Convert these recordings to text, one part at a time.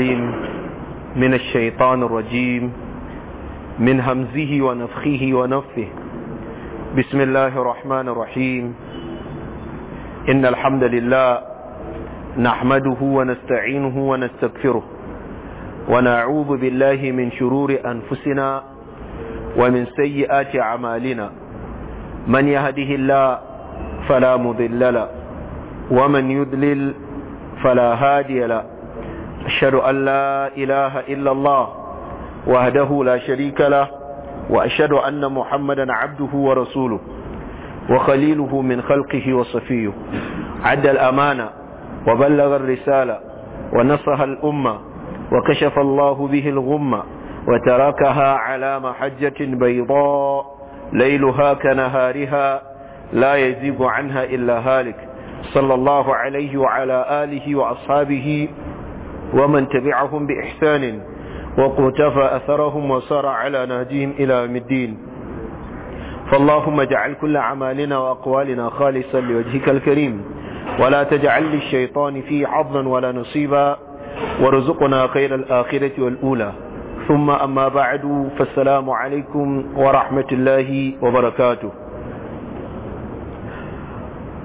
العليم من الشيطان الرجيم من همزه ونفخه ونفه بسم الله الرحمن الرحيم إن الحمد لله نحمده ونستعينه ونستغفره ونعوذ بالله من شرور أنفسنا ومن سيئات أعمالنا من يهده الله فلا مضل له ومن يضلل فلا هادي له أشهد أن لا إله إلا الله وحده لا شريك له وأشهد أن محمدا عبده ورسوله وخليله من خلقه وصفيه عد الأمانة وبلغ الرسالة ونصح الأمة وكشف الله به الغمة وتركها على محجة بيضاء ليلها كنهارها لا يزيغ عنها إلا هالك صلى الله عليه وعلى آله وأصحابه ومن تبعهم بإحسان وقتفى أثرهم وصار على نهجهم إلى يوم الدين فاللهم اجعل كل عمالنا وأقوالنا خالصا لوجهك الكريم ولا تجعل للشيطان فيه حظا ولا نصيبا وارزقنا خير الآخرة والأولى ثم أما بعد فالسلام عليكم ورحمة الله وبركاته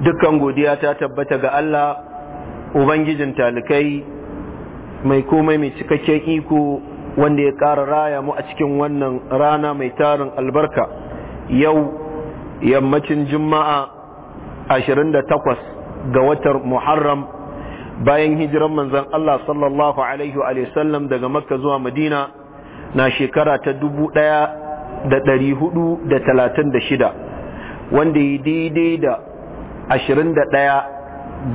دكان قدياتا تبتغ ألا وبنجز تالكي mai komai mai cikakken iko wanda ya ƙara raya mu a cikin wannan rana mai tarin albarka yau yammacin juma'a 28 ga watan muharram bayan hijiran manzan Allah sallallahu alaihi wa daga makka zuwa madina na shekara ta 1436 wanda ya daidai da 21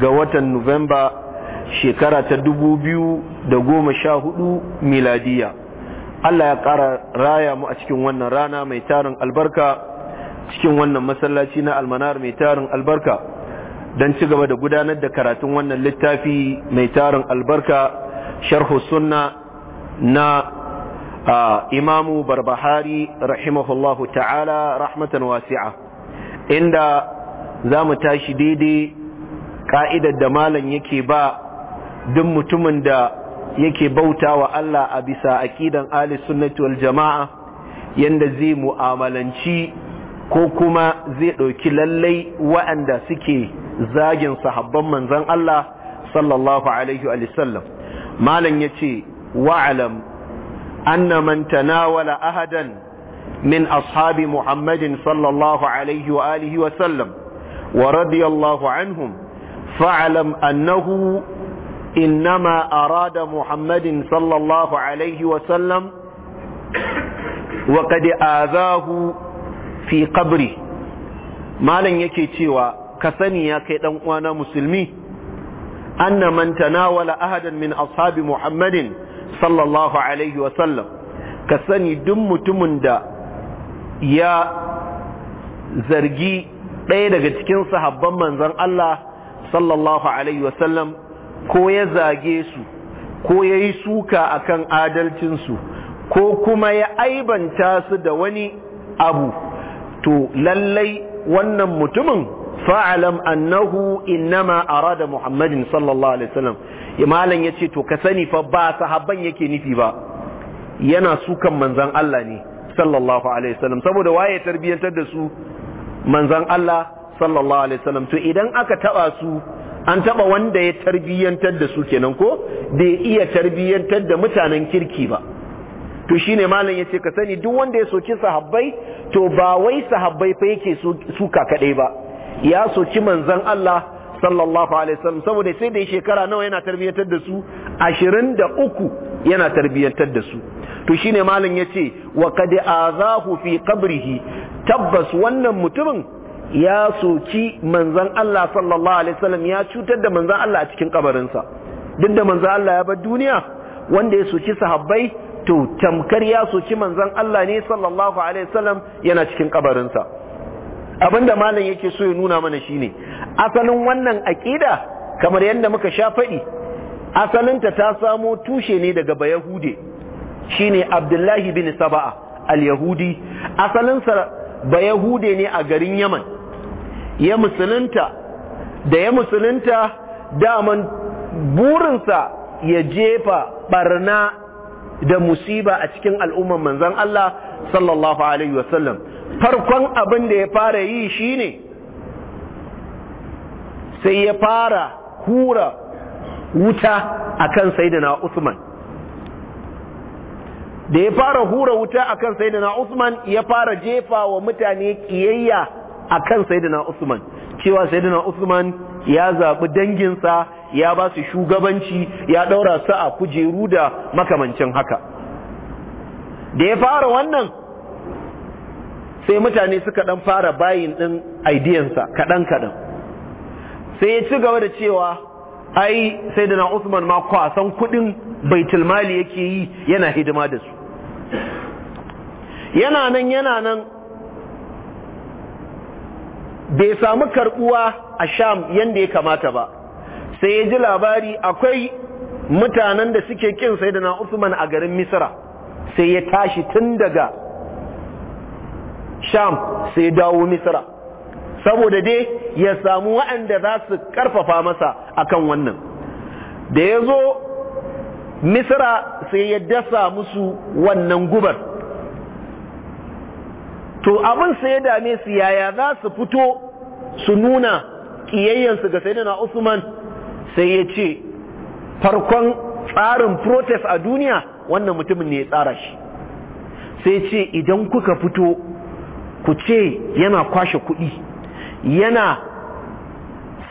ga watan nuwamba shekara ta dubu biyu da goma sha hudu miladiya Allah ya ƙara raya mu a cikin wannan rana mai tarin albarka cikin wannan masallaci na almanar mai tarin albarka don ci gaba da gudanar da karatun wannan littafi mai tarin albarka sharhu sunna na imamu barbahari rahimahullahu ta'ala rahmatan wasi'a inda za mu tashi daidai ka'idar da malam yake ba duk mutumin da yake bauta wa Allah a bisa aƙidan ahli sunnati wal yanda zai mu'amalanci ko kuma zai ɗauki lallai waɗanda suke zagin sahabban manzon Allah sallallahu alaihi wa sallam malam yace wa'lam anna man tanawala ahadan min ashabi muhammadin sallallahu alaihi wa alihi wa sallam ورضي الله عنهم فاعلم annahu. إنما أراد محمد صلى الله عليه وسلم وقد آذاه في قبره ما لن يكي تيوى كسني يكي وانا مسلمي أن من تناول أحدا من أصحاب محمد صلى الله عليه وسلم كسني دم تمند يا zargi ɗaya daga cikin sahabban manzon Allah sallallahu alaihi wasallam ko ya zage su ko ya yi suka a akan adalcinsu ko kuma ya aibanta su da wani abu to lallai wannan mutumin fa'alam annahu innama arada muhammadin sallallahu alaihi wasallam malam ya ce to ka sani fa ba sahabban yake nufi ba yana sukan manzan Allah ne sallallahu alaihi wasallam saboda waye tarbiyyantar da su manzan Allah sallallahu alaihi wasallam to idan aka taɓa su an taɓa wanda ya tarbiyyantar da su kenan ko da ya iya tarbiyyantar da mutanen kirki ba to shi ne malam ya ce ka sani duk wanda ya soki sahabbai to ba wai sahabbai fa yake suka kadai ba ya soki manzon Allah sallallahu alaihi wasallam saboda sai da shekara nawa yana tarbiyyantar da su ashirin da uku yana tarbiyyantar da su to shi ne malam ya ce wa qad azahu fi qabrihi tabbas wannan mutumin ya soki manzan Allah sallallahu alaihi wasallam ya cutar da manzan Allah a cikin kabarinsa duk da manzan Allah ya bar duniya wanda ya soki sahabbai to tamkar ya soki manzan Allah ne sallallahu alaihi wasallam yana cikin kabarinsa abinda malam yake so ya nuna mana shine asalin wannan aqida kamar yadda muka sha faɗi asalinta ta samo tushe ne daga bayahude shine Abdullahi bin Saba'a al-Yahudi asalinsa bayahude ne a garin Yaman ya musulunta da ya musulunta daman burinsa ya jefa barna da musiba a cikin al'umman manzan Allah sallallahu Alaihi wasallam farkon abin da ya fara yi shine sai ya fara hura wuta akan saidana Usman da ya fara hura wuta akan saidana Usman ya fara jefa wa mutane kiyayya akan sayyidina Usman cewa sayyidina Usman ya zaɓi danginsa ya ba su shugabanci ya ɗaura su a kujeru da makamancin haka da ya fara wannan sai mutane suka ɗan fara bayin ɗin aidiyansa kaɗan-kaɗan. sai ya ci gaba da cewa ai sayyidina Usman ma kwasan kuɗin baitulmali yake yi yana hidima da su yana nan yana nan bai samu karbuwa a sham yadda ya kamata ba sai ya ji labari akwai mutanen da suke kin sai da na usman a garin misira sai ya tashi tun daga sham sai ya dawo misira saboda dai ya samu waɗanda za su karfafa masa akan wannan da ya zo misira sai ya dasa musu wannan gubar to abin sai ya dame su yaya za su fito su nuna ƙiyayyansu ga sayyidina Usman sai ya ce farkon tsarin protest a duniya wannan mutumin ne ya tsara shi sai ce idan kuka fito ku ce yana kwashe kuɗi yana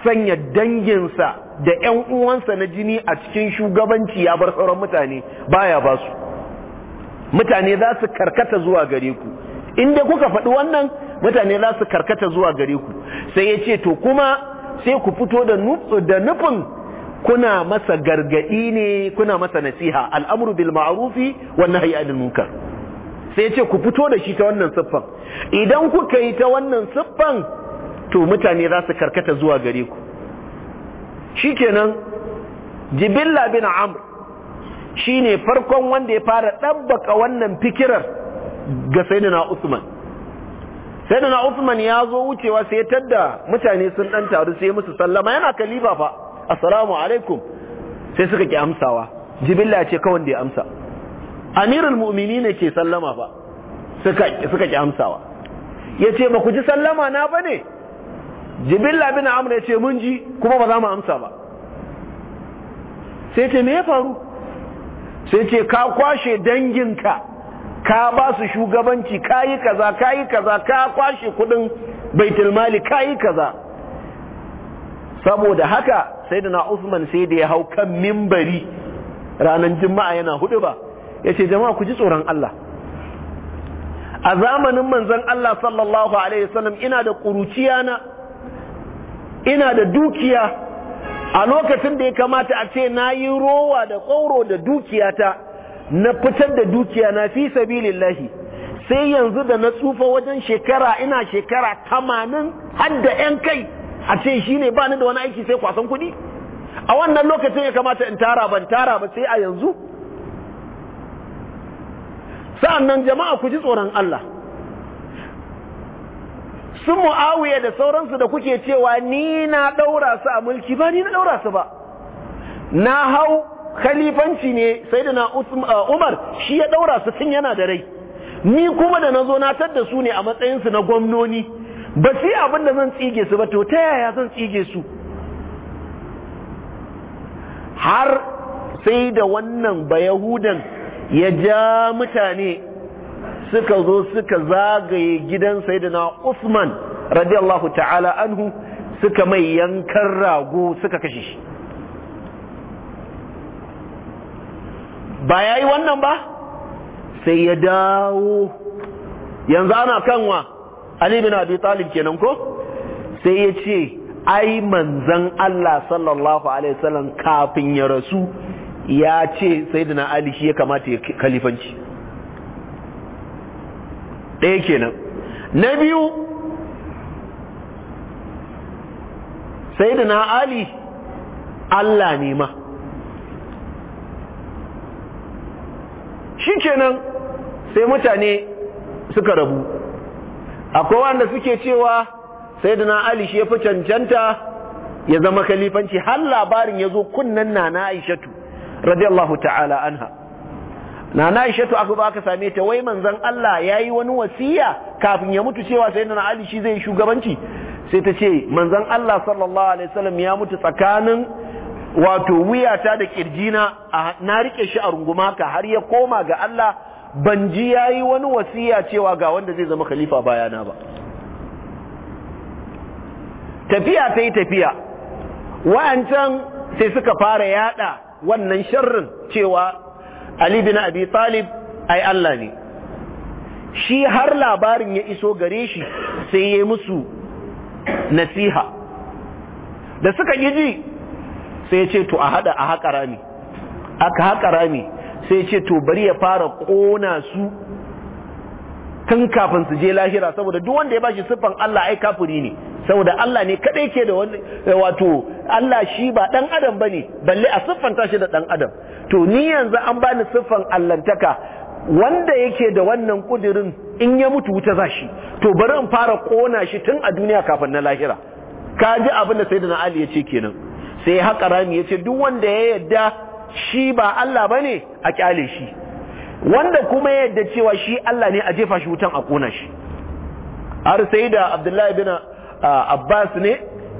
sanya danginsa da 'yan uwansa na jini a cikin shugabanci ya bar sauran mutane baya ba su mutane za su karkata zuwa gare ku in dai kuka faɗi wannan mutane za su karkata zuwa gare ku sai ya ce to kuma sai ku fito da nufin kuna masa gargaɗi ne kuna masa nasiha al'amru bil ma'rufi wa nahyi anil sai ya ce ku fito da shi ta wannan siffan idan kuka yi ta wannan siffan to mutane za su karkata zuwa gare ku shikenan jibilla bin amr shine farkon wanda ya fara dabbaka wannan fikirar ga sayyidina Usman sayyidina Usman ya zo wucewa sai tadda mutane sun dan taru sai musu sallama yana kalifa fa assalamu alaikum sai suka ki amsawa jibilla ce kawai da ya amsa amirul mu'minin ne ke sallama fa suka suka ki amsawa yace ba ku ji sallama na bane jibilla bin amr yace mun ji kuma ba za mu amsa ba sai ce me ya faru sai ce ka kwashe danginka ka ba su shugabanci ka yi kaza ka yi kaza ka kwashe kudin baitulmali ka yi kaza saboda haka sai da na usman sai da ya hau kan mimbari ranar juma'a yana hudu ba yace jama'a ku ji tsoron Allah a zamanin manzon Allah sallallahu alaihi wasallam ina da kuruciya na ina da dukiya a lokacin da ya kamata a ce na yi rowa da ƙauro da dukiyata na fitar da dukiya na fi lahi sai yanzu da na tsufa wajen shekara ina shekara tamanin hadda yan kai a ce shi ne ba da wani aiki sai kwasan kudi a wannan lokacin ya kamata in tara ban tara ba sai a yanzu sa'annan jama'a ku ji tsoron Allah su mu'awiya da sauransu da kuke cewa ni na ɗaura su a mulki ba ni na ɗaura su ba na hau khalifanci ne na uh, Umar shi ya daura su tun yana da rai ni kuma da na zo na tadda su ne a matsayinsu na gwamnoni ba sai abin da zan tsige su ba to ta yaya zan tsige su har sai da wannan bayahudan ya ja mutane suka zo suka zagaye gidan na Usman radiyallahu ta'ala anhu suka mai yankan rago suka kashe shi ba ya yi wannan ba sai ya dawo yanzu ana kanwa Ali bin Abi Talib kenan ko sai ya ce ai manzan Allah sallallahu alaihi wasallam kafin ya rasu ya ce sayyidina Ali shi ya kamata ya kalifanci ɗaya kenan na biyu sayyidina Ali Allah ne ma kenan sai mutane suka rabu akwai wanda suke cewa na ali shi ya fi cancanta ya zama kalifanci har labarin ya zo kunnan nana aishatu radiyallahu ta'ala anha nana aishatu aka ba aka same ta wai manzan Allah ya yi wani wasiya kafin ya mutu cewa na ali shi zai shugabanci sai ta ce manzon Allah sallallahu alaihi wasallam ya mutu tsakanin wato wuyata da kirjina na rike shi a runguma ka har ya koma ga Allah ban ji yayi wani wasiya cewa ga wanda zai zama khalifa bayana ba tafiya sai tafiya wa'ancan sai suka fara yada wannan sharrin cewa Ali bin Abi Talib ai Allah ne shi har labarin ya iso gare shi sai ya musu nasiha da suka ji sai ce to a hada a haƙa rami aka haƙa rami sai ce to bari ya fara ƙona su tun kafin su je lahira saboda duk wanda ya bashi siffan Allah ai kafiri ne saboda Allah ne kadai ke da wani eh, wato Allah shi ba dan adam bane balle a siffanta tashi da dan adam to ni yanzu an bani siffan allahntaka wanda yake da wannan kudirin in ya mutu wuta zashi to bari in fara kona shi tun a duniya kafin na lahira ka ji abin da sayyidina Ali ya ce kenan sai haka rami ya ce duk wanda ya yadda shi ba Allah ba ne a kyale shi wanda kuma ya yadda cewa shi Allah ne a jefa shi wutan a ƙona shi har sai da abdullahi bin abbas ne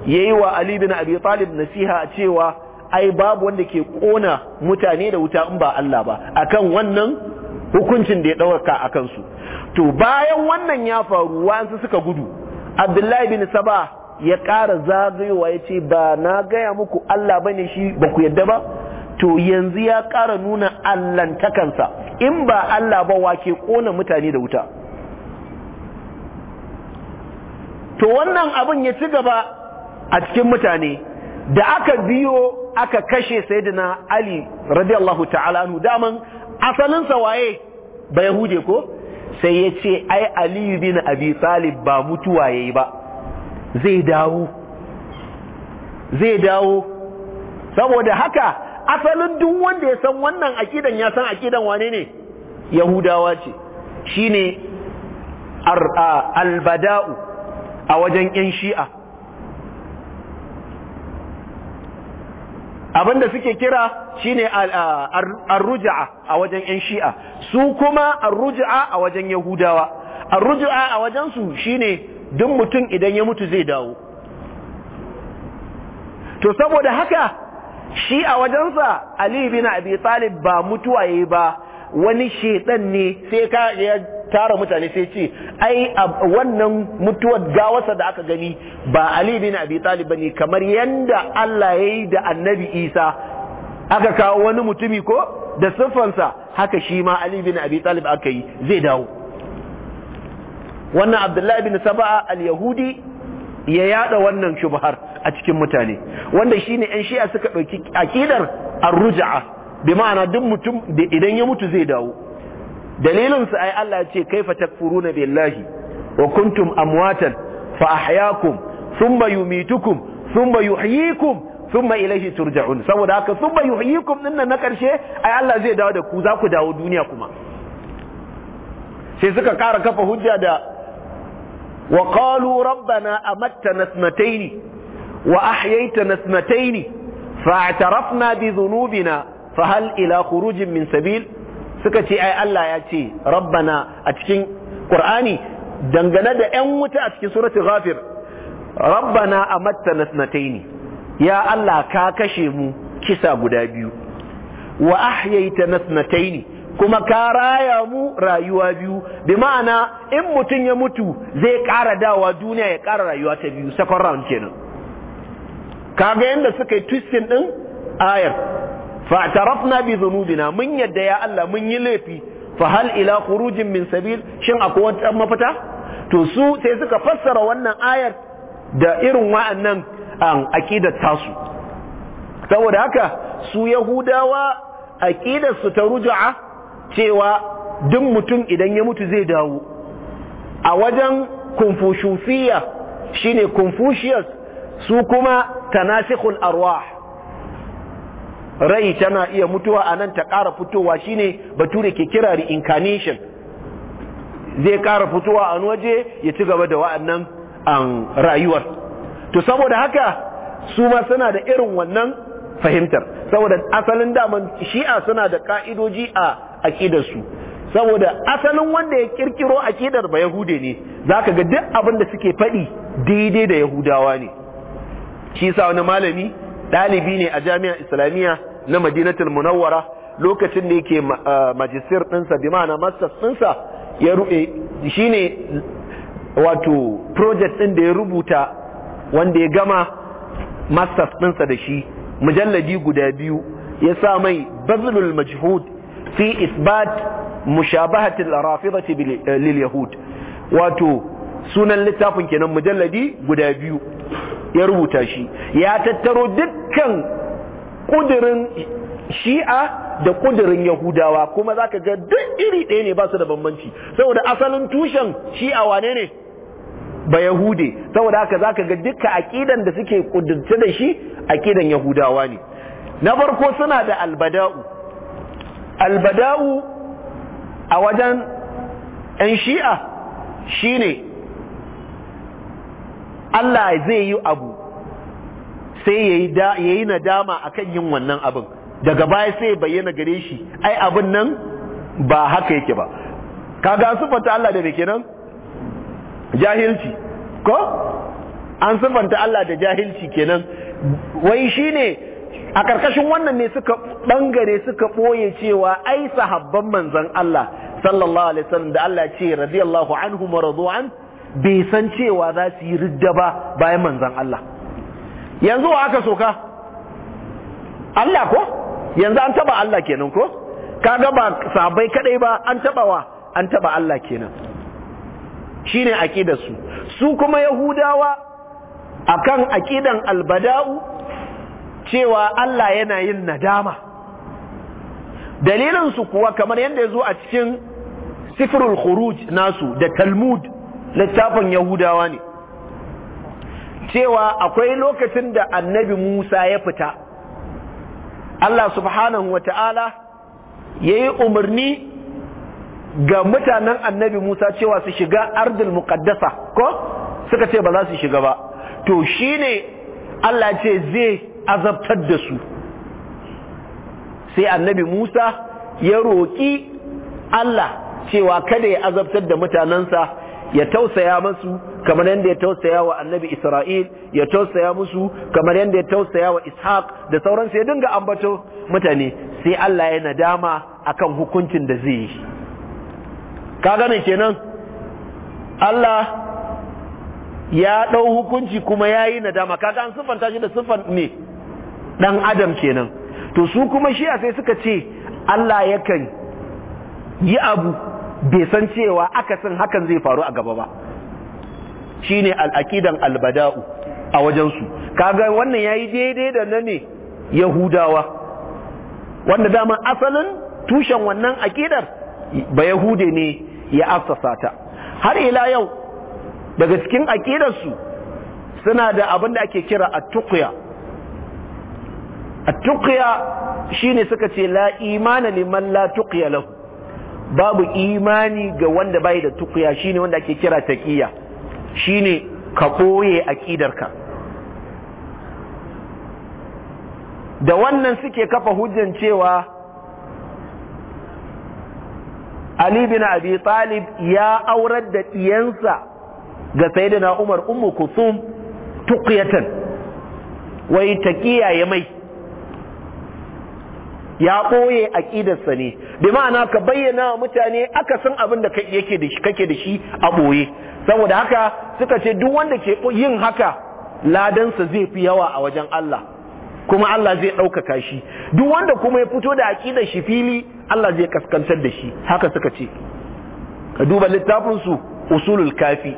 ya yi wa ali bin abi talib nasiha cewa ai babu wanda ke ƙona mutane da wuta in ba Allah ba akan wannan hukuncin da ya ɗauka a kansu to bayan wannan ya faru wa'ansu suka gudu abdullahi bin saba ya ƙara zagayowa ya ce ba na gaya muku Allah bane shi ba ku yadda ba to yanzu ya ƙara nuna allantakansa in ba Allah ba wake ƙona mutane da wuta to wannan abin ya ci gaba a cikin mutane da aka biyo aka kashe sayidina Ali radiyallahu ta'ala nu daman asalinsa waye ba yahude ko sai ya ce ai aliyu bin abi talib ba mutuwa yayi ba zai dawo zai dawo saboda haka asalin duk wanda ya san wannan akidan ya san akidan wane ne yahudawa ce shine albada'u a wajen yan shi'a abinda suke kira shine ar-ruj'a a wajen yan shi'a su kuma ar-ruj'a a wajen yahudawa ar-ruj'a a wajen su shine duk mutum idan ya mutu zai dawo to saboda haka shi a wajensa Ali bin Abi Talib ba mutuwa yayi ba wani shedan ne sai ka ya tara mutane sai ce ai wannan mutuwar gawarsa da aka gani ba Ali bin Abi Talib bane kamar yanda Allah yayi da Annabi Isa aka kawo wani mutumi ko da siffansa haka shi ma Ali bin Abi Talib aka yi zai dawo wannan abdullahi bin saba'a al-yahudi ya yada wannan shubhar a cikin mutane wanda shine yan shi'a suka dauki akidar ar-ruj'a bi ma'ana duk mutum idan ya mutu zai dawo dalilin sa ai Allah ya ce kaifa takfuruna billahi wa kuntum amwatan fa ahyaakum thumma yumitukum thumma yuhyikum thumma ilayhi turja'un saboda haka thumma yuhyikum nan na karshe ai Allah zai dawo da ku za ku dawo duniya kuma sai suka kara kafa hujja da وقالوا ربنا أمتنا اثنتين وأحييتنا اثنتين فاعترفنا بذنوبنا فهل إلى خروج من سبيل سكتي أي الله يأتي ربنا أتكين قرآني دنغنا دا أموت أتكين سورة غافر ربنا أمتنا اثنتين يا الله كاكشمو كسا قدابيو وأحييتنا اثنتين kuma ka raya mu rayuwa biyu bi ma'ana in mutum ya mutu zai ƙara dawa duniya ya ƙara rayuwa ta biyu second round kenan kaga yadda suka yi twistin din ayar fa tarafna bi dhunubina mun yadda ya Allah mun yi laifi fa hal ila khurujin min sabil shin akwai wata mafita to su sai suka fassara wannan ayar da irin wa'annan um, aqidar tasu saboda haka su yahudawa su ta ruju'a cewa duk mutum idan ya mutu zai dawo a wajen kumfushufiya shine confucius su kuma tanasikhul arwah rai tana iya mutuwa anan ta ƙara fitowa shine bature ke kira reincarnation zai ƙara fitowa a waje ya ci gaba da wa'annan um, rayuwar to saboda haka su ma suna da irin wannan fahimtar saboda asalin daman shi'a suna da ka'idoji a su saboda asalin wanda ya kirkiro akidar ba yahude ne zaka ga duk abin da suke faɗi daidai da yahudawa ne shi sa wani malami ɗalibi ne a jami'an islamiyya na madinatul munawwara lokacin da yake majistir ɗinsa bi ma'ana masters ɗinsa ya ruɓe shi ne wato project ɗin da ya rubuta wanda ya gama masters ɗinsa da shi mujalladi guda biyu ya sa mai bazlul majhud fi isbat mushabahati al-rafidati eh, lil yahud wato sunan littafin kenan mujalladi guda biyu ya rubuta shi ya tattaro dukkan kudirin shi'a da kudirin yahudawa kuma zaka ga duk iri ɗaya ne ba su da bambanci saboda asalin tushen shi'a wane ne ba yahude saboda haka zaka ga dukkan aqidan da suke kudurce da shi aqidan yahudawa ne na farko suna da albada'u albada'u a wajen 'yan shi'a shine Allah zai yi abu sai ya yi nadama a kan yin wannan abin daga baya sai bayyana gare shi ai abin nan ba haka yake ba kaga sufanta Allah da ke nan jahilci ko an sufanta Allah da jahilci kenan wai shine a ƙarƙashin wannan ne suka ɓangare suka ɓoye cewa ai sahabban manzan Allah sallallahu alaihi wasallam da Allah ce radiyallahu anhu wa an bai san cewa za su yi ridda ba bayan manzan Allah yanzu wa aka soka Allah ko yanzu an taba Allah kenan ko kaga ba sahabbai kadai ba an taba wa an taba Allah kenan shine aqidar su su kuma yahudawa akan aqidan albada'u cewa Allah yana yin nadama dalilinsu kuwa kamar yadda ya zo a cikin sifirul khuruj nasu da talmud littafin yahudawa ne cewa akwai lokacin da annabi musa ya fita Allah subhanahu wa ta'ala ya yi umarni ga mutanen annabi musa cewa su shiga ardil muqaddasa ko suka ce ba za su shiga ba to shine Allah ce zai azabtar da su sai annabi Musa ya roƙi Allah cewa kada ya azabtar da mutanensa ya tausaya masu kamar yadda ya tausaya wa annabi Isra'il ya tausaya musu kamar yadda ya tausaya wa Ishaq da sauransu ya dinga ambato mutane sai Allah ya nadama akan hukuncin da zai yi ka gane kenan Allah ya ɗau hukunci kuma ya yi nadama kaga an siffanta shi da siffan ne dan adam kenan to su kuma shi'a sai suka ce Allah yakan yi abu bai san cewa aka san hakan zai faru a gaba ba shine al-aqidan al-bada'u a wajen su kaga wannan yayi daidai da nane yahudawa wanda dama asalin tushen wannan aƙidar ba yahude ne ya assasa ta har ila yau daga cikin su suna da abin da ake kira at-tuqya at shine suka ce la imana liman la tuqiya lahu babu imani ga wanda bai da tuqiya shine wanda ake kira taqiya shine ka koye aqidarka da wannan suke kafa hujjan cewa Ali bin Abi Talib ya aurar da ɗiyansa ga Sayyidina Umar Ummu Kusum tuqiyatan wai taqiya ya mai ya ɓoye aƙidarsa ne bi ma'ana ka bayyana wa mutane aka san abin da yake da shi kake da shi a ɓoye saboda haka suka ce duk wanda ke yin haka ladansa zai fi yawa a wajen Allah kuma Allah zai ɗaukaka shi duk wanda kuma ya fito da aƙidar shi fili Allah zai kaskantar da shi haka suka ce ka duba littafin su usulul kafi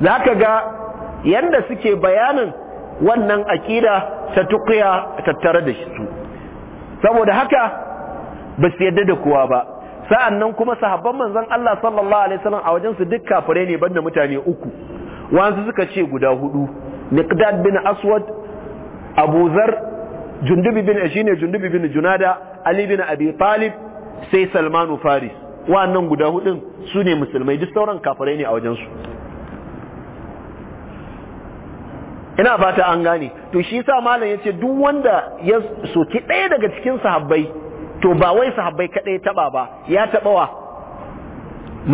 zaka ga yanda suke bayanin wannan aƙida ta tuqiya tattare da su saboda haka ba su yadda da kowa ba sa'an nan kuma sahabban manzon Allah sallallahu alaihi wasallam a wajen su duk kafare ne banda mutane uku wanzu suka ce guda hudu miqdad bin aswad abu zar jundubi bin shine jundubi bin junada ali bin abi talib sai salmanu faris wa'annan guda hudun su ne musulmai duk sauran kafare ne a wajen su ina fata an gane to shi sa malam yace duk wanda ya soki ɗaya daga cikin sahabbai to ba wai sahabbai kadai taba ba ya taba wa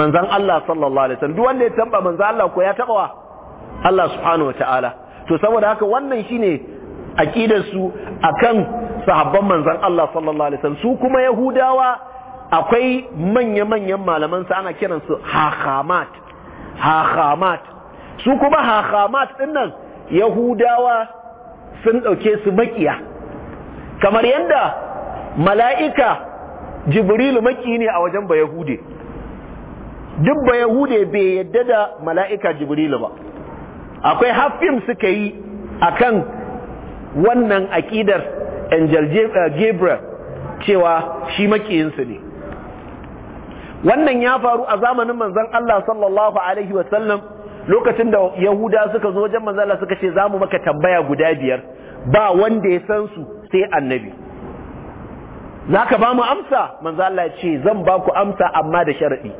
manzon Allah sallallahu alaihi wasallam duk wanda ya tamba manzon Allah ko ya taba wa Allah subhanahu wataala to saboda haka wannan shine aqidar su akan sahabban manzon Allah sallallahu alaihi wasallam su kuma yahudawa akwai manya-manyan malaman su ana kiransu hahamat hahamat su kuma hahamat dinnan yahudawa sun ɗauke su makiya kamar yadda mala'ika jibrilu maki ne a wajen ba yahude duk ba yahude bai yadda da mala'ika jibrilu ba akwai hafim suka yi a kan wannan aƙidar angel eh, gabriel cewa shi makiyinsu ne wannan ya faru a zamanin manzon Allah sallallahu alaihi wasallam lokacin da yahuda suka zo wajen manzo Allah suka ce zamu maka tambaya guda biyar ba wanda ya san su sai annabi zaka ba mu amsa manzo Allah ya ce zan ba ku amsa amma da sharadi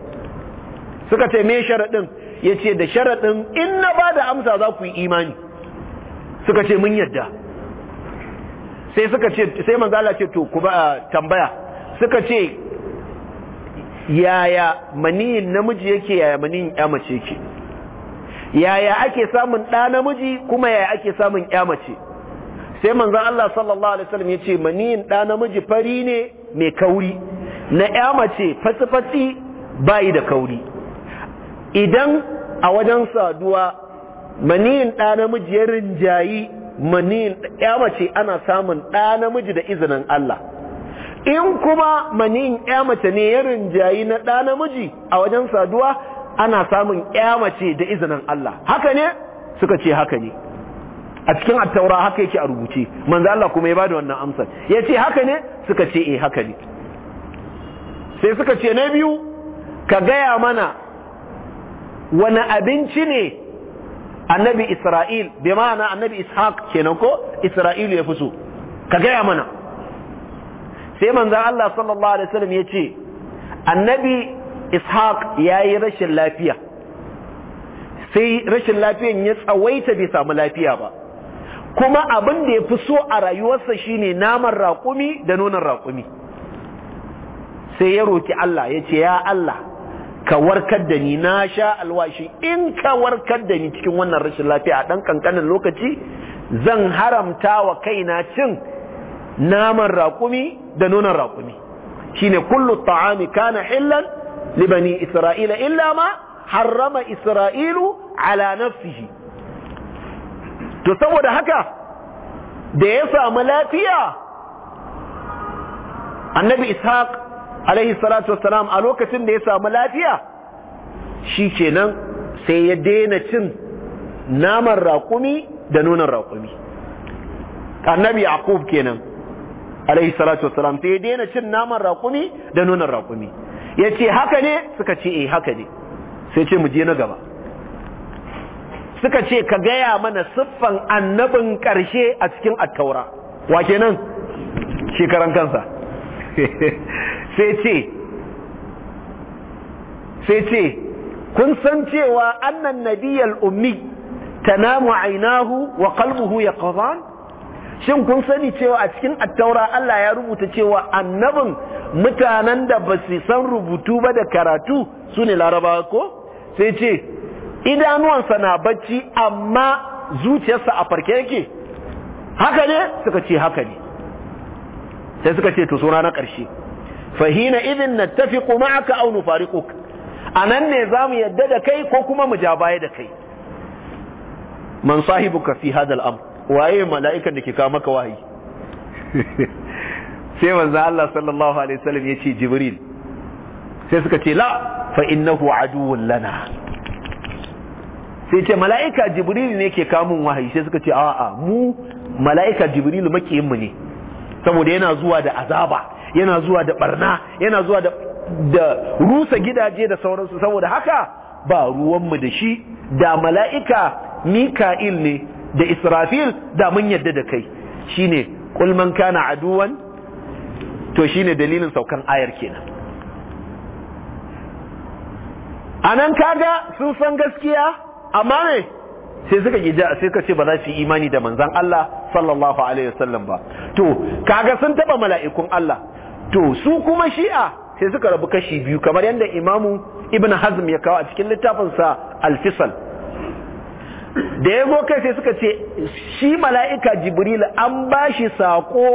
suka ce me sharadin ce da sharadin in na ba da amsa za ku yi imani suka ce mun yadda sai suka ce sai manzo Allah ce to ku ba tambaya suka ce yaya maniyin namiji yake yaya maniyin ya mace yake yaya ake samun ɗa namiji kuma yaya ake samun ƴa mace sai manzon Allah sallallahu alaihi wasallam yace maniyin ɗa namiji fari ne mai kauri na ƴa mace fatsi-fatsi bayi da kauri idan a wajen saduwa maniyin ɗa namiji ya rinjayi maniyin ƴa mace ana samun ɗa namiji da izinin Allah in kuma maniyin ƴa mace ne ya rinjayi na ɗa namiji a wajen saduwa ana samun mace da izinin Allah haka ne suka ce haka ne a cikin attaura haka yake a rubuce manzo Allah kuma ya bada wannan amsar ya ce haka ne suka ce eh haka ne sai suka ce na biyu ka gaya mana wani abinci ne annabi Isra'il bi ma'ana annabi Ishaq kenan ko Isra'il ya fi ka gaya mana sai manzo Allah sallallahu alaihi wasallam ya ce annabi ishaq ya yi rashin lafiya sai rashin lafiyan ya tsawaita bai samu lafiya ba kuma abin da ya fi so a rayuwarsa shine naman raƙumi da nonon raƙumi sai ya roki Allah ya ce ya Allah ka warkar da ni na sha alwashi in ka warkar da ni cikin wannan rashin lafiya a ɗan ƙanƙanin lokaci zan haramta wa kaina cin naman raƙumi da nonon raƙumi shine kullu ta'ami kana hillan libani isra'ila illa ma harrama isra'ilu ala nafsihi to saboda haka da ya samu lafiya annabi Ishak alaihi salatu wassalam a lokacin da ya samu lafiya shi kenan sai ya daina cin naman raƙumi da nunan raƙumi annabi yaqub kenan alaihi salatu wassalam sai ya daina cin naman raƙumi da nunan raƙumi ya ce haka ne suka ce eh haka ne sai ce mu je na gaba suka ce ka gaya mana siffan annabin ƙarshe a cikin attaura wa kenan shekaran kansa sai ce sai ce kun san cewa annan nabiyal ummi tanamu ainahu wa qalbuhu yaqzan shin kun sani cewa a cikin attaura Allah ya rubuta cewa annabin mutanen da ba su san rubutu ba da karatu su ne larabawa ko sai ce idanuwansa na bacci amma zuciyarsa a farke yake haka ne suka ce haka ne sai suka ce to suna na ƙarshe fahina idin na tafi kuma aka aunu farikuk a nan ne za mu yadda da kai ko kuma mu ja baya da kai man ka fi hadal amr waye mala'ikan da ke kawo maka wahayi sai manzo Allah sallallahu alaihi wasallam yace jibril sai suka ce la fa innahu aduwwun lana sai ce mala'ika jibril ne ke kawo mun wahayi sai suka ce a'a mu mala'ika jibril makiyin mu ne saboda yana zuwa da azaba yana zuwa da barna yana zuwa da da rusa gidaje da sauransu saboda haka ba ruwanmu da shi da mala'ika mika'il ne da israfil da mun yadda da kai shine kulman kana aduwan to shine dalilin saukan ayar kenan anan kaga sun san gaskiya amma ne sai suka gida sai suka ce ba za su yi imani da manzon Allah sallallahu alaihi wasallam ba to kaga sun taba mala'ikun Allah to su kuma shi'a sai suka rabu kashi biyu kamar yadda imamu ibn hazm ya kawo a cikin littafinsa alfisal da ya zo kai sai suka ce shi mala'ika jibril an ba shi saƙo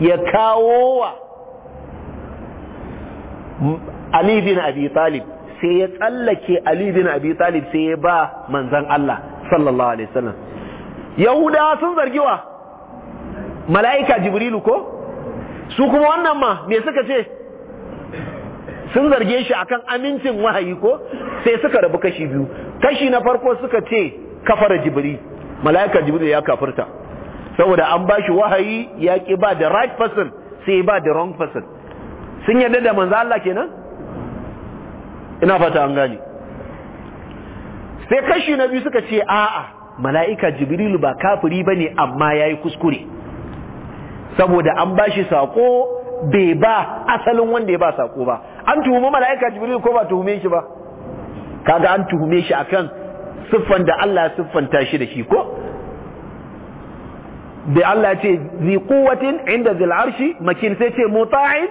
ya kawo wa ali bin abi talib sai ya tsallake ali bin abi talib sai ya ba manzan Allah sallallahu alaihi wasallam yahudawa sun zargi wa mala'ika jibrilu ko su kuma wannan ma me suka ce sun zarge shi akan amincin wahayi ko sai suka rabu kashi biyu kashi na farko suka ce kafara jibiri, mala'ika jibiri ya kafirta saboda an ba shi wahayi ya ki ba da right person sai ba da wrong person sun yarda da manza Allah kenan ina fata an gani, sai kashi na biyu suka ce a'a mala'ika jibrilu ba kafiri ne amma ya yi kuskure saboda an ba shi sako bai ba asalin wanda ya ba sako ba an tuhumi mala'ika jibrilu ko ba tuhume shi ba kaga an tuhume shi akan siffan da Allah ya siffanta shi da shi ko da Allah ce zi kuwatin inda zil arshi makin sai ce muta'in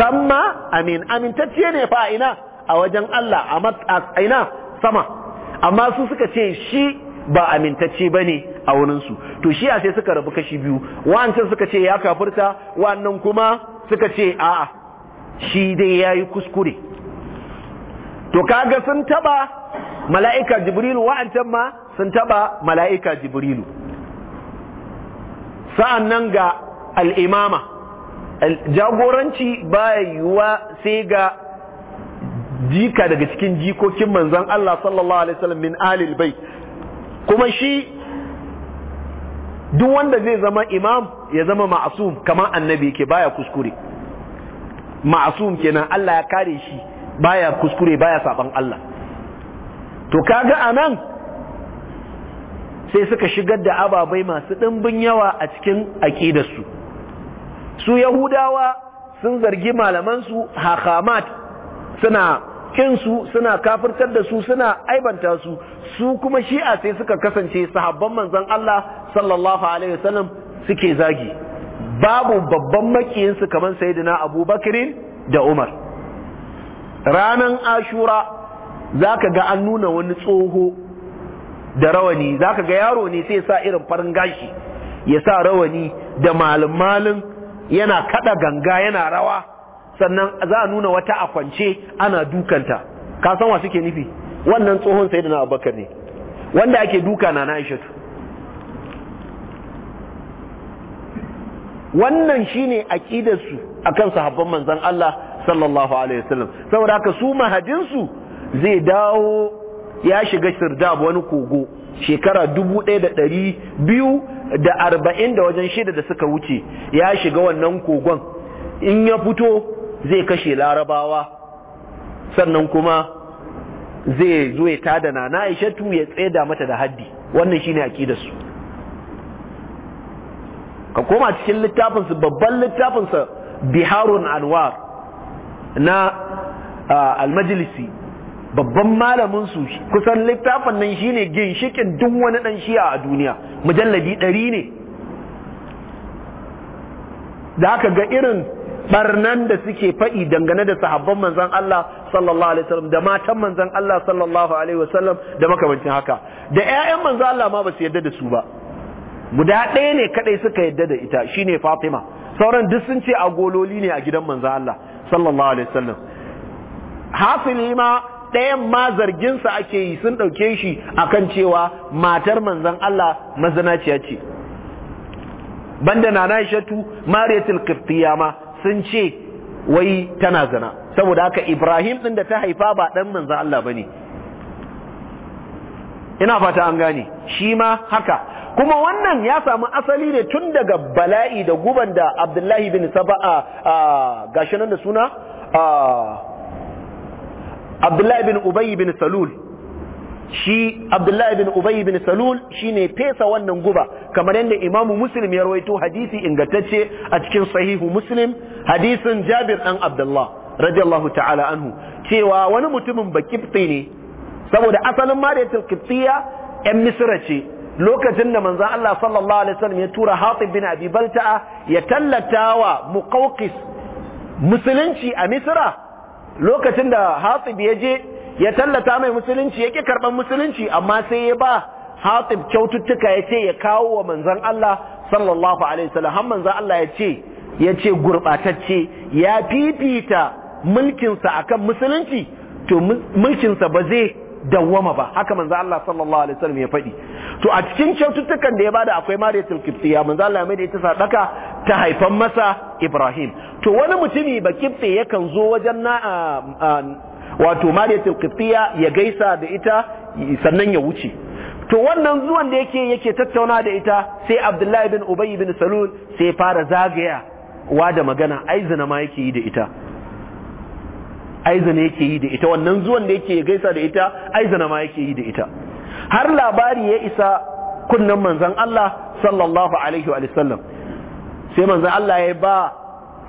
samma amin amintacce ne fa ina a wajen Allah a ina sama amma su suka ce shi ba amintacce ba ne a wurin su to shi a sai suka rabu kashi biyu wancan suka ce ya kafirta wannan kuma suka ce a'a shi dai yayi kuskure to kaga sun taba mala'ika jibrilu wa'ancan ma sun taba mala'ika jibrilu sa'an nan ga al'imama jagoranci baya yiwuwa sai ga jika daga cikin jikokin Manzon Allah sallallahu Alaihi wasallam min alil bai kuma shi duk wanda zai zama imam ya zama ma'asum kamar annabi yake baya kuskure ma'asum kenan Allah ya kare shi baya kuskure baya saban Allah to kaga anan sai suka shigar da ababai masu ɗimbin yawa a cikin aƙidarsu su yahudawa sun zargi malaman su hakamat suna ƙinsu suna kafirtar da su suna aibanta su su kuma shi'a sai suka kasance sahabban manzon Allah sallallahu alaihi wasallam suke zagi babu babban su kamar sayyidina Abubakar da umar ranan ashura za ka ga an nuna wani tsoho da rawani za ka ga yaro ne sai sa irin farin gashi ya sa rawani da malin-malin yana kada ganga yana rawa sannan za a nuna wata a kwance ana dukanta ka san wa suke nufi wannan tsohon sai da na abakar ne wanda ake duka na na aishatu wannan shine su akan sahabban manzon Allah sallallahu alaihi wasallam saboda haka su mahadinsu zai dawo ya shiga sirdab wani kogo shekara dubu ɗaya da ɗari biyu da arba'in da wajen shida da suka wuce ya shiga wannan kogon in ya fito zai kashe larabawa sannan kuma zai zo ya tada na na aishatu ya tseda mata da haddi wannan shine su ka koma cikin littafinsu babban sa biharun anwar na almajlisi babban malamin su kusan littafin nan shine ginshikin duk wani dan shi'a a duniya mujalladi ɗari ne da haka ga irin barnan da suke faɗi dangane da sahabban manzan Allah sallallahu alaihi wasallam da matan manzan Allah sallallahu alaihi wasallam da makamancin haka da ƴaƴan manzan Allah ma ba su yarda da su ba guda ɗaya ne kadai suka yarda da ita shine Fatima sauran duk sun ce agololi ne a gidan manzan Allah sallallahu alaihi wasallam hasili ma ɗayan ma zarginsa ake yi sun ɗauke shi akan cewa matar manzon Allah mazanaciya ce banda na na shatu mariyatul qibtiyya ma sun ce wai tana zina saboda haka Ibrahim din da ta haifa ba dan manzon Allah bane ina fata an gane shi ma haka kuma wannan ya samu asali ne tun daga bala'i da guban da abdullahi bin saba'a a gashi nan da suna abdullahi bin ubayi bin salul shi abdullahi bin ubayi bin salul shi ne fesa wannan guba kamar yadda imamu muslim ya rawaito hadisi ingantacce a cikin sahihu muslim hadisin jabir ɗan abdullah radiyallahu ta'ala anhu cewa wani mutumin bakifti ne saboda asalin mariyar kiftiya 'yan misira ce lokacin da manzan Allah sallallahu alaihi wasallam ya tura Hatib bin Abi Balta'a ya wa Muqawqis musulunci a Misra lokacin da Hatib ya je ya tallata mai musulunci ƙi karɓar musulunci amma sai ya ba Hatib kyaututtuka ya ce ya kawo wa manzan Allah sallallahu alaihi wasallam har Allah ya ce ya ce ya fifita mulkinsa akan musulunci to mulkinsa ba zai dawwama ba haka manzo Allah sallallahu alaihi wasallam ya fadi to a cikin kyaututtukan da ya bada akwai mariyatul kiftiya manzo Allah mai da ita sadaka ta haifan masa Ibrahim to wani mutumi ba ya yakan zo wajen na wato maryatul kiftiya ya gaisa da ita sannan ya wuce to wannan zuwan da yake yake tattauna da ita sai Abdullahi bin Ubay bin Salul sai fara zagaya wa da magana ai zina ma yake yi da ita aizana yake yi da ita wannan zuwan da yake gaisa da ita aizana ma yake yi da ita har labari ya isa kunnan manzon Allah sallallahu alaihi wa sallam sai manzon Allah ya ba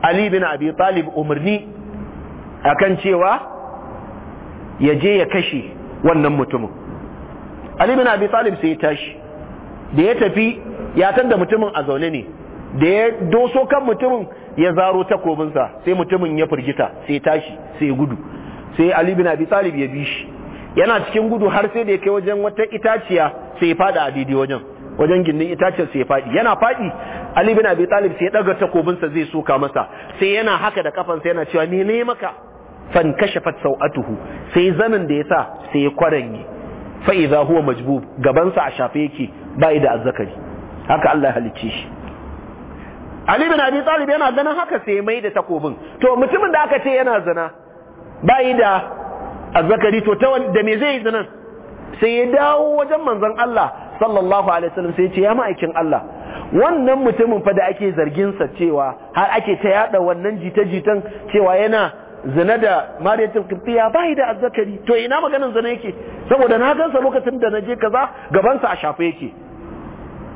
Ali bin Abi Talib umarni akan cewa ya je ya kashe wannan mutumin Ali bin Abi Talib sai ya tashi da ya tafi ya tanda mutumin a zaune ne da ya doso kan mutumin ya zaro takobinsa sai mutumin ya firgita sai tashi sai gudu sai Ali bin Abi Talib ya bi shi yana cikin gudu har sai da ya kai wajen wata itaciya sai ya fada a daidai wajen wajen gindin itaciyar sai ya fadi yana fadi Ali bin Abi Talib sai ya daga takobinsa zai soka masa sai yana haka da kafansa yana cewa ni ne maka fan kashafat sau'atuhu sai zanin da ya sa sai ya kwaranye fa idza huwa majbub gabansa a shafe yake bai da azzakari haka Allah ya halicce shi Ali bin Abi Talib yana ganin haka sai mai da takobin to mutumin da aka ce yana zina bai da azzakari to ta da me zai yi zinan sai ya dawo wajen manzon Allah sallallahu alaihi wasallam sai ya ce ya ma'aikin Allah wannan mutumin fa da ake zargin sa cewa har ake ta yada wannan jita-jitan cewa yana zina da Maryam qibtiya bai da azzakari to ina maganin zina yake saboda na gansa lokacin da na je kaza gaban sa a shafe yake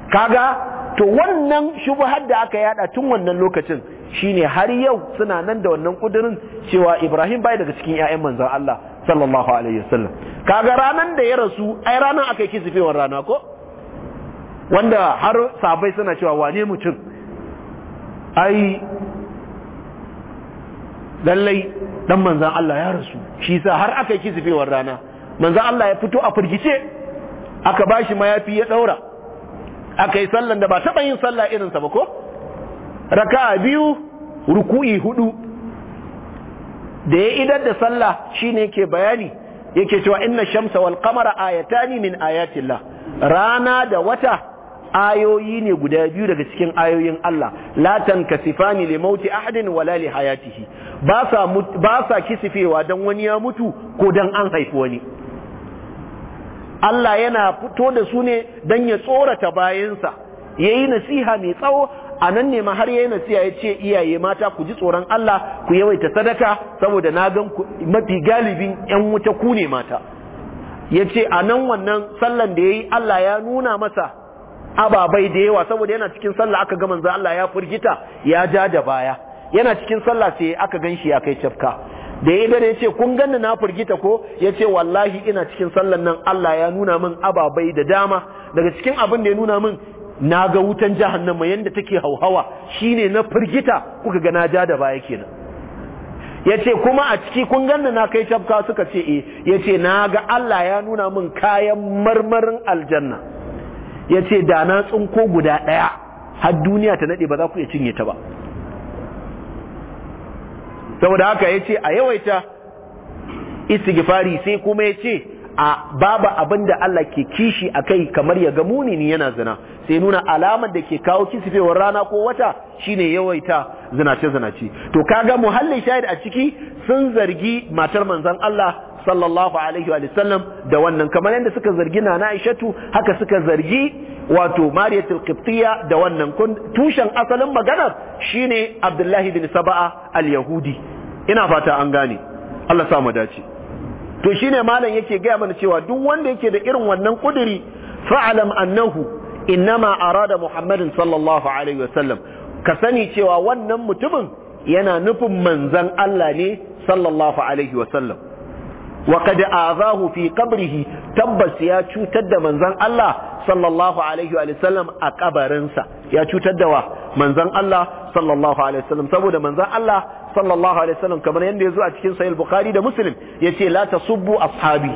kaga to wannan shubhar da aka yada tun wannan lokacin shine har yau suna nan da wannan kudirin cewa Ibrahim bai daga cikin ƴaƴan manzon Allah sallallahu alaihi wasallam kaga ranan da ya rasu ai ranan aka yi kisifewar rana ko wanda har sabai suna cewa wane mutum ai lallai dan manzon Allah ya rasu shi sa har aka yi kisifewar rana manzon Allah ya fito a firgice aka bashi mayafi ya daura aka yi sallan da ba taɓa yin sallah irinsa ba ko raka'a biyu ruku'i hudu da ya idar da sallah shine yake bayani yake cewa inna shamsa wal qamara ayatani min ayatillah rana da wata ayoyi ne guda biyu daga cikin ayoyin Allah Latan kasifani li mauti ahadin wala li hayatihi ba sa ba sa kisifewa dan wani ya mutu ko dan an haifi wani Allah yana fito da su ne don ya tsorata bayansa ya yi nasiha mai tsawo a nan ne ma har yi nasiha ya ce iyaye mata ku ji tsoron Allah ku yawaita sadaka saboda na gan mafi galibin yan wuta ku ne mata ya ce a nan wannan sallan da ya yi Allah ya nuna masa ababai da yawa saboda yana cikin sallah aka ga manzo Allah ya firgita, ya ja da baya yana cikin sallah sai aka gan shi ya kai cafka da ya gane ce kun ganni na firgita ko ya ce wallahi ina cikin sallan nan Allah ya nuna min ababai da dama daga cikin abin da ya nuna min na ga wutan jahannama yadda take hauhawa shine na firgita kuka ga na ja da baya kenan ya ce kuma a ciki kun ganni na kai tabka suka ce eh ya ce na ga Allah ya nuna min kayan marmarin aljanna ya ce da na tsinko guda ɗaya har duniya ta naɗe ba za ku iya cinye ta ba saboda haka ya ce a yawaita istighfari sai kuma ya ce a babu abin da Allah ke kishi a kai kamar ya ga muni ni yana zina sai nuna alamar da ke kawo kisifewar rana ko wata shine yawaita zinace zinace to kaga muhallin shahid a ciki sun zargi matar manzon Allah sallallahu alaihi wa sallam da wannan kamar yadda suka zargi na Aishatu haka suka zargi wato Mariyatul Qibtiyya da wannan kun tushen asalin maganar shine Abdullahi bin Saba'a al-Yahudi ina fata an gane Allah sa mu dace to shine malam yake gaya mana cewa duk wanda yake da irin wannan kuduri fa'alam annahu innama arada Muhammadin sallallahu alaihi wa sallam ka sani cewa wannan mutumin yana nufin manzan Allah ne sallallahu alaihi sallam. wa qad azahu fi qabrihi tabbas ya cutar da manzon Allah sallallahu alaihi wa sallam a kabarinsa ya cutar da wa manzon Allah sallallahu alaihi wasallam saboda manzon Allah sallallahu alaihi wasallam kamar yanda yazo a cikin sahih bukhari da muslim ce la tasubbu ashabi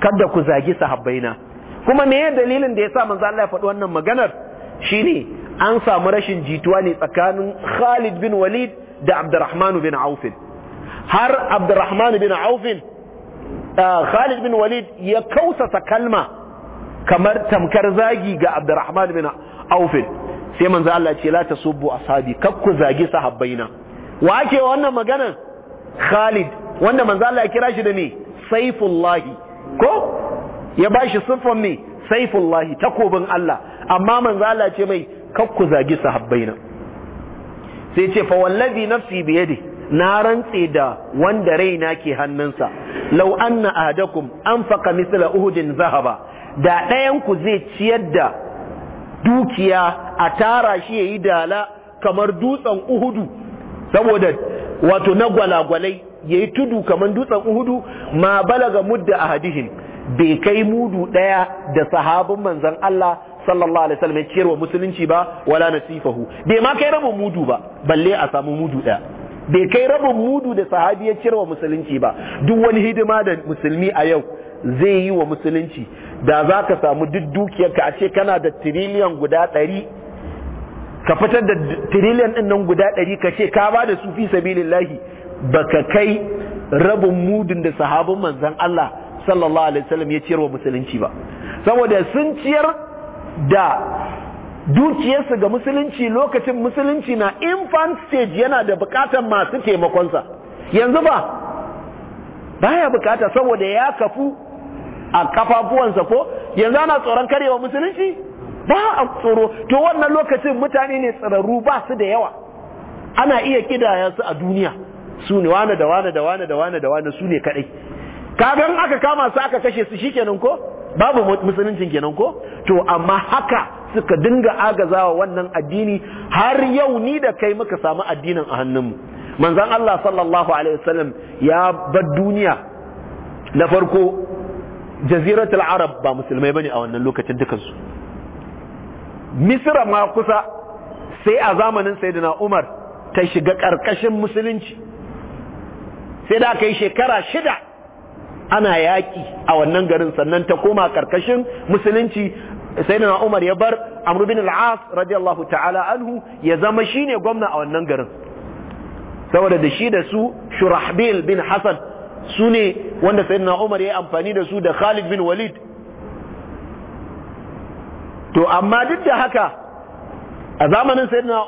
kada ku zagi na. kuma me dalilin da ya sa Allah ya faɗi wannan maganar shine an samu rashin jituwa ne tsakanin Khalid bin Walid da Abdurrahman bin Auf har Abdurrahman bin Aufin. Khalid bin Walid ya kausasa kalma kamar tamkar zagi ga Abdurrahman bin Aufin sai manzo Allah ce la tasubbu ashabi kakku zagi sahabbaina wa ake wannan magana Khalid wanda manzo Allah ya kira shi da me saifullahi ko ya bashi siffar me saifullahi takobin Allah amma manzo Allah ce mai kakku zagi sahabbaina sai ce fa wallazi nafsi biyadihi na rantse da wanda raina ke hannunsa law anna ahadakum anfaqa mithla uhudin zahaba da ɗayan ku zai ciyar da dukiya a tara shi yayi dala kamar dutsen uhudu saboda wato na gwalagwalai yayi tudu kamar dutsen uhudu ma balaga mudda ahadihim bai kai mudu ɗaya da sahabin manzon Allah sallallahu alaihi wasallam ya ciyarwa musulunci ba wala nasifahu bai ma kai rabin mudu ba balle a samu mudu ɗaya bai kai rabin mudu da sahabi ya cire wa musulunci ba duk wani hidima da musulmi a yau zai yi wa musulunci da za ka samu duk dukiyarka a ce kana da tiriliyan guda ɗari ka fitar da tiriliyan ɗin nan guda ɗari ka ce ka ba da su fi sabilillahi ka kai rabin mudun da sahabin manzan Allah sallallahu alaihi wasallam ya ciyar wa musulunci ba saboda sun ciyar da dukiyarsa ga musulunci lokacin musulunci na infant stage yana da bukatar masu taimakonsa yanzu ba baya bukata saboda ya kafu a kafafuwansa ko yanzu ana tsoron karewa musulunci ba a tsoro to wannan lokacin mutane ne tsararru ba su da yawa ana iya kidaya su a duniya su ne wane da wane da wane da wane da wane su ne kadai kagan aka kama su aka kashe su shikenan ko babu musuluncin kenan ko to amma haka suka dinga agazawa wannan addini har yau ni da kai muka samu addinin a hannunmu manzon Allah sallallahu alaihi wasallam ya bar duniya na farko jaziratul arab ba musulmai bane a wannan lokacin dukansu misra ma kusa sai a zamanin sayyidina umar ta shiga karkashin musulunci sai da aka yi shekara shida ana yaƙi a wannan garin sannan ta koma ƙarƙashin musulunci sayyidina Umar ya bar Amr bin al-As radiyallahu ta'ala anhu ya zama shine gwamna a wannan garin saboda da shi da su Shurahbil bin Hasan su ne wanda sayyidina Umar ya yi amfani da su da Khalid bin Walid to amma duk da haka a zamanin sayyidina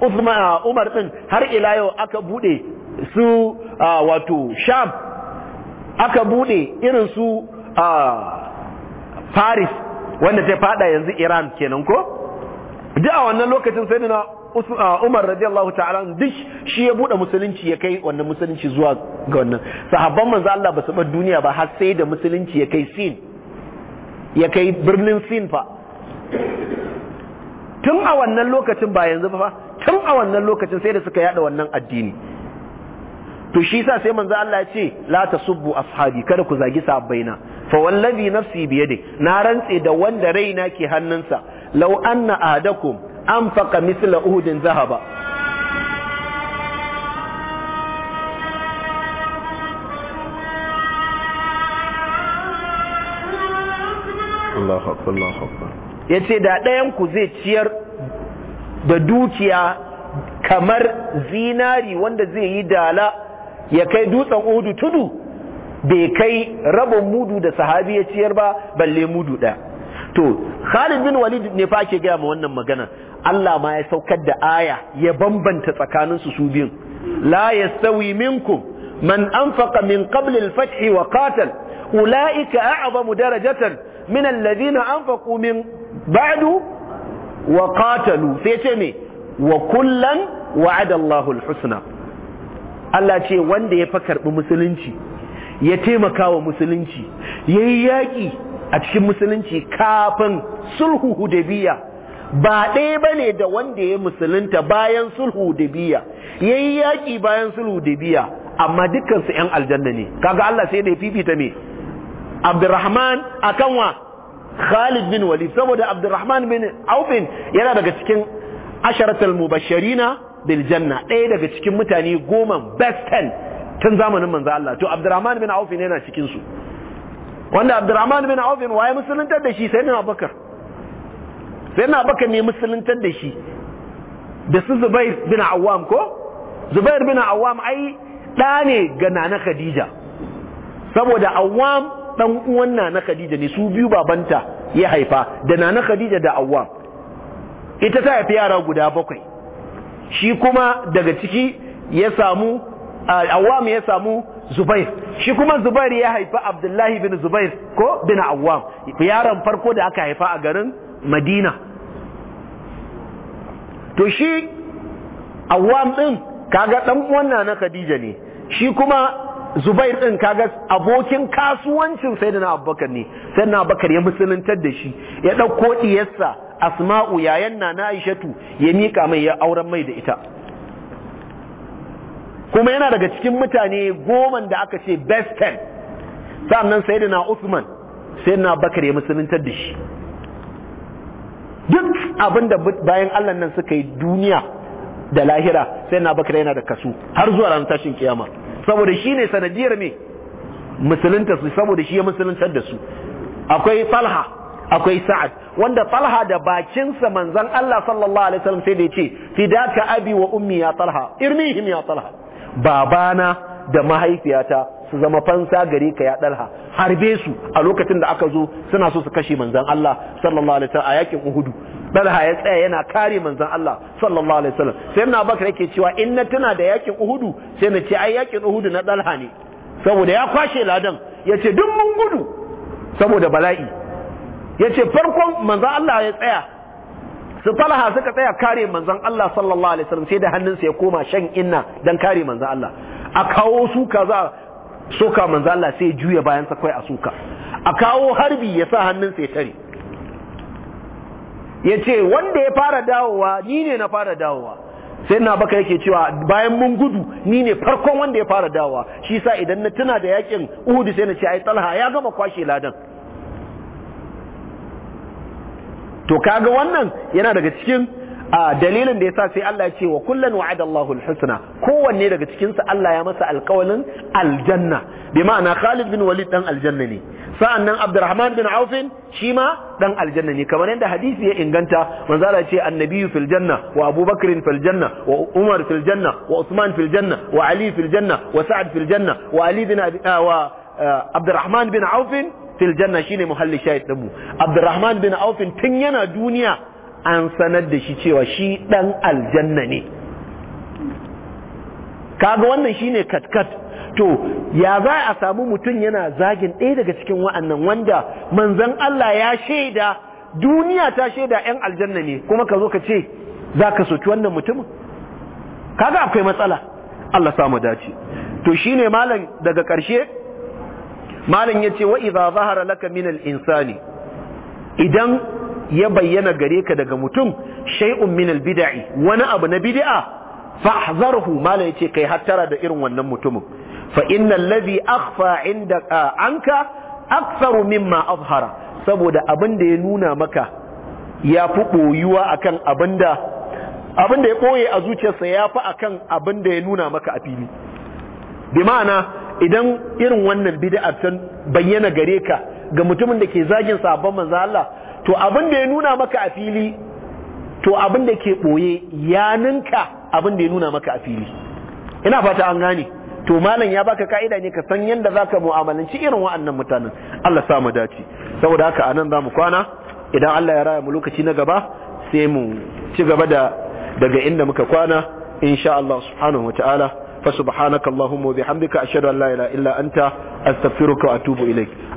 Uthman Umar din har ila yau aka bude su wato Sham aka bude irin su Paris wanda ta fada yanzu Iran kenan ko duk a wannan lokacin sai na Umar radiyallahu ta'ala duk shi ya bude musulunci ya kai wannan musulunci zuwa ga wannan sahabban manzo Allah ba su bar duniya ba har sai da musulunci ya kai Sin ya kai birnin Sin fa tun a wannan lokacin ba yanzu ba tun a wannan lokacin sai da suka yada wannan addini to shi sa sai manzo Allah ya ce la tasubbu ashabi kada ku zagi sahabbaina fa wallazi nafsi yadi na rantse da wanda raina ke hannunsa law anna ahadakum anfaqa mithla uhudin zahaba Allah akbar Allah akbar yace da ɗayan ku zai ciyar da dukiya kamar zinari wanda zai yi dala ya kai dutsen udu tudu bai kai rabin mudu da sahabi ya ciyar ba balle mudu ɗaya to Khalid bin Walid ne fa ake gaya ma wannan magana Allah ma ya saukar da aya ya bambanta tsakanin su su biyun la yastawi minkum man anfaqa min qabl al-fath wa qatal ulaika a'zamu darajatan min alladhina anfaqu min ba'du wa qatalu sai ce me wa kullan wa'ada Allahu al-husna Allah ce wanda ya fa karɓi musulunci ya taimaka wa musulunci ya yi yaƙi a cikin musulunci kafin sulhu hudabiya ba ɗaya ba ne da wanda ya musulunta bayan sulhu hudabiya ya yi yaƙi bayan sulhu hudabiya amma dukkansu 'yan aljanna ne kaga Allah sai da ya fifita me Abdurrahman akan wa Khalid bin Walid saboda Abdurrahman bin Aufin yana daga cikin asharatul mubashirina Biljanna ɗaya daga cikin mutane goma best ten tun zamanin manzo Allah to Abdurrahman bin Auf ne yana cikinsu. wanda Abdurrahman bin Auf waye musuluntar da shi abakar sai sayyidina abakar ne musuluntar da shi da su Zubair bin Awwam ko Zubair bin Awwam ai ɗa ne ga Nana Khadija saboda Awwam ɗan uwan Nana Khadija ne su biyu babanta ya haifa da Nana Khadija da Awwam ita ta haifi yara guda bakwai shi kuma daga ciki ya samu awam ya samu zubair shi kuma zubair ya haifa abdullahi bin zubair ko bin awam yaron farko da aka haifa a garin madina to shi awam din kaga dan wannan na khadija ne shi kuma zubair ɗin kaga abokin kasuwancin sai na abubakar ne sai na abubakar ya musuluntar da shi ya ɗauko ɗiyarsa asma'u yayan na na aishatu ya miƙa mai ya auren mai da ita kuma yana daga cikin mutane goman da aka ce best ten sannan sai na usman sai na abubakar ya musuluntar da shi duk abin da bayan allah nan suka yi duniya da lahira sai na abubakar yana da kasu har zuwa ranar tashin kiyama saboda shi ne sanadiyar me musulunta su saboda shi ya musuluntar da su akwai falha akwai sa'ad wanda falha da bakinsa manzon Allah sallallahu alaihi wasallam sai da yace fidaka abi wa ummi ya talha irmihim ya falha babana da mahaifiyata su zama fansa gare ka ya dalha harbe su a lokacin da aka zo suna so su kashe manzan Allah sallallahu alaihi wasallam a yakin Uhudu dalha ya tsaya yana kare manzan Allah sallallahu alaihi wasallam sai na bakar yake cewa in na tuna da yakin Uhudu sai na ce ai yakin Uhudu na dalha ne saboda ya kwashe ladan yace duk mun gudu saboda bala'i yace farkon manzan Allah ya tsaya su talha suka tsaya kare manzan Allah sallallahu alaihi wasallam sai da hannunsa ya koma shan inna dan kare manzan Allah a kawo suka za soka manzo Allah sai juya bayan sa kai a suka a kawo harbi ya sa hannun sai tare ce wanda ya fara dawowa ni ne na fara dawowa sai na baka yake cewa bayan mun gudu ni ne farkon wanda ya fara dawowa shi sa idan na tuna da yakin Uhud sai na ce ai Talha ya gama kwashe ladan to kaga wannan yana daga cikin a dalilin da yasa sai Allah ya ce wa kullan wa'ada Allahu al-husna kowanne daga cikin su Allah ya masa alƙawalin aljanna bi ma'ana Khalid bin Walid dan aljanna ne sa'annan Abdurrahman bin Auf shi ma dan aljanna ne kamar yadda hadisi ya inganta manzo Allah ya ce annabiyyu fil janna wa Abu Bakr fil janna wa Umar fil janna wa Uthman fil janna wa Ali fil janna wa Sa'd fil janna wa Ali bin ah, wa ah, Abdurrahman bin Auf fil janna shine muhalli shahid din mu Abdurrahman bin Auf tun yana duniya an sanar da shi cewa shi ɗan aljanna ne kaga wannan shi ne katkat to ya za a samu mutum yana zagin ɗaya daga cikin wa'annan wanda manzan Allah ya shaida duniya ta shaida 'yan aljanna ne kuma ka zo ka ce za ka soki wannan mutumin kaga akwai matsala Allah samu dace to shi ne malam daga ƙarshe malam ya ce wa zahara laka min insani idan ya bayyana gare ka daga mutum shay'un min al wani abu na bid'a fahzarhu mala yace kai hattara da irin wannan mutumin fa innal ladhi akhfa inda anka mimma azhara saboda abin da ya nuna maka ya fi boyuwa akan abinda ya koye a zuciyarsa ya fi akan abin da ya nuna maka a fili bi ma'ana idan irin wannan bid'a ta bayyana gare ka ga mutumin da ke zagin sabon manzo Allah to abin da ya nuna maka a fili to abin da ke ɓoye ya ninka abin da ya nuna maka a fili ina fata an gane to malam ya baka ka'ida ne ka san yadda zaka mu'amalanci irin wa'annan mutanen Allah sa mu dace saboda haka anan za mu kwana idan Allah ya raya mu lokaci na gaba sai mu ci gaba da daga inda muka kwana insha Allah subhanahu wa ta'ala fa subhanaka allahumma wa bihamdika ashhadu an la ilaha illa anta astaghfiruka wa atubu ilaik